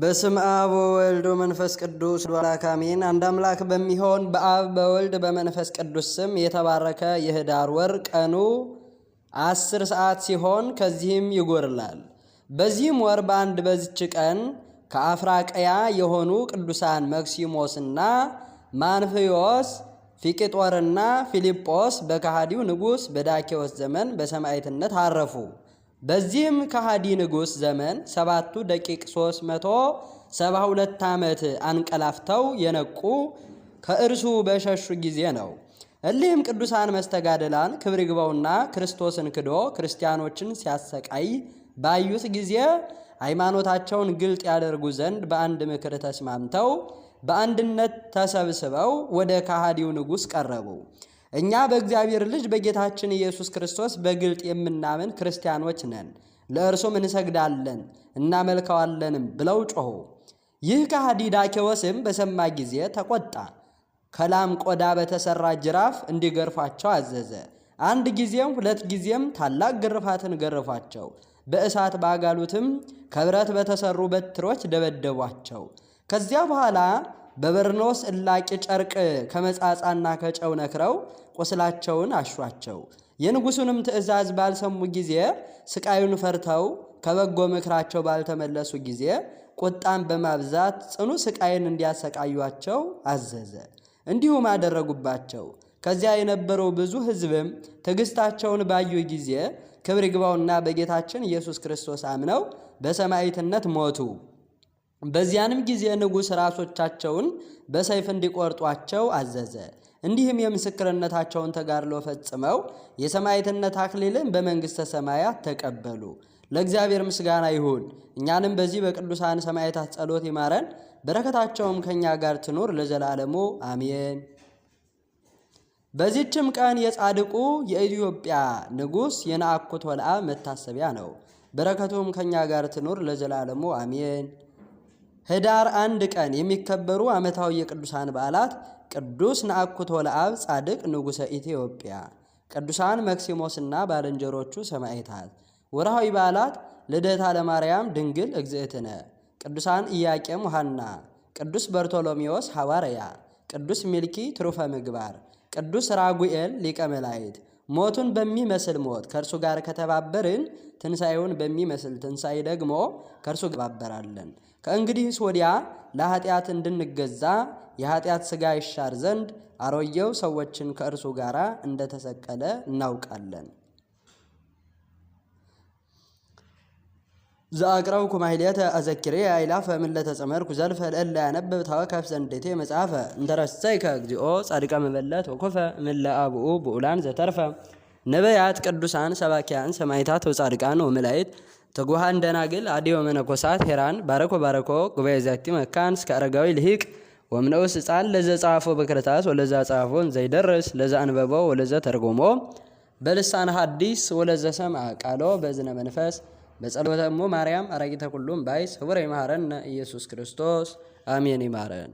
በስም አብ ወወልድ መንፈስ ቅዱስ አምላክ አሜን። አንድ አምላክ በሚሆን በአብ በወልድ በመንፈስ ቅዱስ ስም የተባረከ የህዳር ወር ቀኑ አስር ሰዓት ሲሆን ከዚህም ይጎርላል። በዚህም ወር በአንድ በዚች ቀን ከአፍራቀያ የሆኑ ቅዱሳን መክሲሞስና ማንፍዮስ ፊቅጦርና ፊልጶስ በካሃዲው ንጉሥ በዳኬዎስ ዘመን በሰማዕትነት አረፉ። በዚህም ከሃዲ ንጉሥ ዘመን ሰባቱ ደቂቅ ሦስት መቶ ዓመት አንቀላፍተው የነቁ ከእርሱ በሸሹ ጊዜ ነው። እሊህም ቅዱሳን መስተጋደላን ክብር ይግባውና ክርስቶስን ክዶ ክርስቲያኖችን ሲያሰቃይ ባዩት ጊዜ ሃይማኖታቸውን ግልጥ ያደርጉ ዘንድ በአንድ ምክር ተስማምተው በአንድነት ተሰብስበው ወደ ከሃዲው ንጉሥ ቀረቡ። እኛ በእግዚአብሔር ልጅ በጌታችን ኢየሱስ ክርስቶስ በግልጥ የምናምን ክርስቲያኖች ነን፣ ለእርሱም እንሰግዳለን እናመልከዋለንም ብለው ጮኹ። ይህ ከሃዲ ዳኬዎስም በሰማ ጊዜ ተቆጣ። ከላም ቆዳ በተሠራ ጅራፍ እንዲገርፏቸው አዘዘ። አንድ ጊዜም ሁለት ጊዜም ታላቅ ግርፋትን ገርፏቸው በእሳት ባጋሉትም ከብረት በተሠሩ በትሮች ደበደቧቸው። ከዚያ በኋላ በበርኖስ እላቂ ጨርቅ ከመጻጻና ከጨው ነክረው ቁስላቸውን አሿቸው። የንጉሱንም ትእዛዝ ባልሰሙ ጊዜ ስቃዩን ፈርተው ከበጎ ምክራቸው ባልተመለሱ ጊዜ ቁጣን በማብዛት ጽኑ ስቃይን እንዲያሰቃዩቸው አዘዘ። እንዲሁም አደረጉባቸው። ከዚያ የነበረው ብዙ ሕዝብም ትግስታቸውን ባዩ ጊዜ ክብር ይግባውና በጌታችን ኢየሱስ ክርስቶስ አምነው በሰማዕትነት ሞቱ። በዚያንም ጊዜ ንጉሥ ራሶቻቸውን በሰይፍ እንዲቆርጧቸው አዘዘ። እንዲህም የምስክርነታቸውን ተጋድሎ ፈጽመው የሰማዕትነት አክሊልን በመንግሥተ ሰማያት ተቀበሉ። ለእግዚአብሔር ምስጋና ይሁን። እኛንም በዚህ በቅዱሳን ሰማዕታት ጸሎት ይማረን፣ በረከታቸውም ከእኛ ጋር ትኑር ለዘላለሙ አሜን። በዚችም ቀን የጻድቁ የኢትዮጵያ ንጉሥ የነአኩቶ ለአብ መታሰቢያ ነው። በረከቱም ከእኛ ጋር ትኑር ለዘላለሙ አሜን። ህዳር አንድ ቀን የሚከበሩ ዓመታዊ የቅዱሳን በዓላት ቅዱስ ነአኩቶ ለአብ ጻድቅ ንጉሠ ኢትዮጵያ፣ ቅዱሳን መክሲሞስና ባልንጀሮቹ ሰማዕታት። ወርሃዊ በዓላት ልደታ ለማርያም ድንግል እግዝእትነ፣ ቅዱሳን ኢያቄም ውሃና ቅዱስ በርቶሎሜዎስ ሐዋርያ፣ ቅዱስ ሚልኪ ትሩፈ ምግባር፣ ቅዱስ ራጉኤል ሊቀ መላእክት ሞቱን በሚመስል ሞት ከእርሱ ጋር ከተባበርን ትንሣኤውን በሚመስል ትንሣኤ ደግሞ ከእርሱ ባበራለን። ከእንግዲህስ ወዲያ ለኃጢአት እንድንገዛ የኃጢአት ሥጋ ይሻር ዘንድ አሮየው ሰዎችን ከእርሱ ጋር እንደተሰቀለ እናውቃለን። ዘአቅረብኩ ማሕሌተ አዘኪሬ አእላፈ ምለተ ጸመርኩ ዘልፈ ለእለ ያነብብ ተወከፍ ዘንዴቴ መጽሐፈ እንተረሰይከ እግዚኦ ጻድቀ መበለት ወኮፈ ምለ አብኡ ብኡላን ዘተርፈ ነበያት ቅዱሳን ሰባኪያን ሰማይታት ወጻድቃን ወመላይት ተጉሃ እንደናግል አዲ መነኮሳት ሄራን ባረኮ ባረኮ ጉባኤ ዘቲ መካን እስከ አረጋዊ ልሂቅ ወምነውስ ህፃን ለዘ ጻፎ በክርታስ ወለዛ ጻፎን ዘይደርስ ለዛ አንበቦ ወለዘ ተርጎሞ በልሳን ሐዲስ ወለዘ ሰምዐ ቃሎ በዝነ መንፈስ በጸሎተ እሙ ማርያም አራቂተ ኩሎም ባይ ስውር ይማረን ኢየሱስ ክርስቶስ አሜን። ይማረን።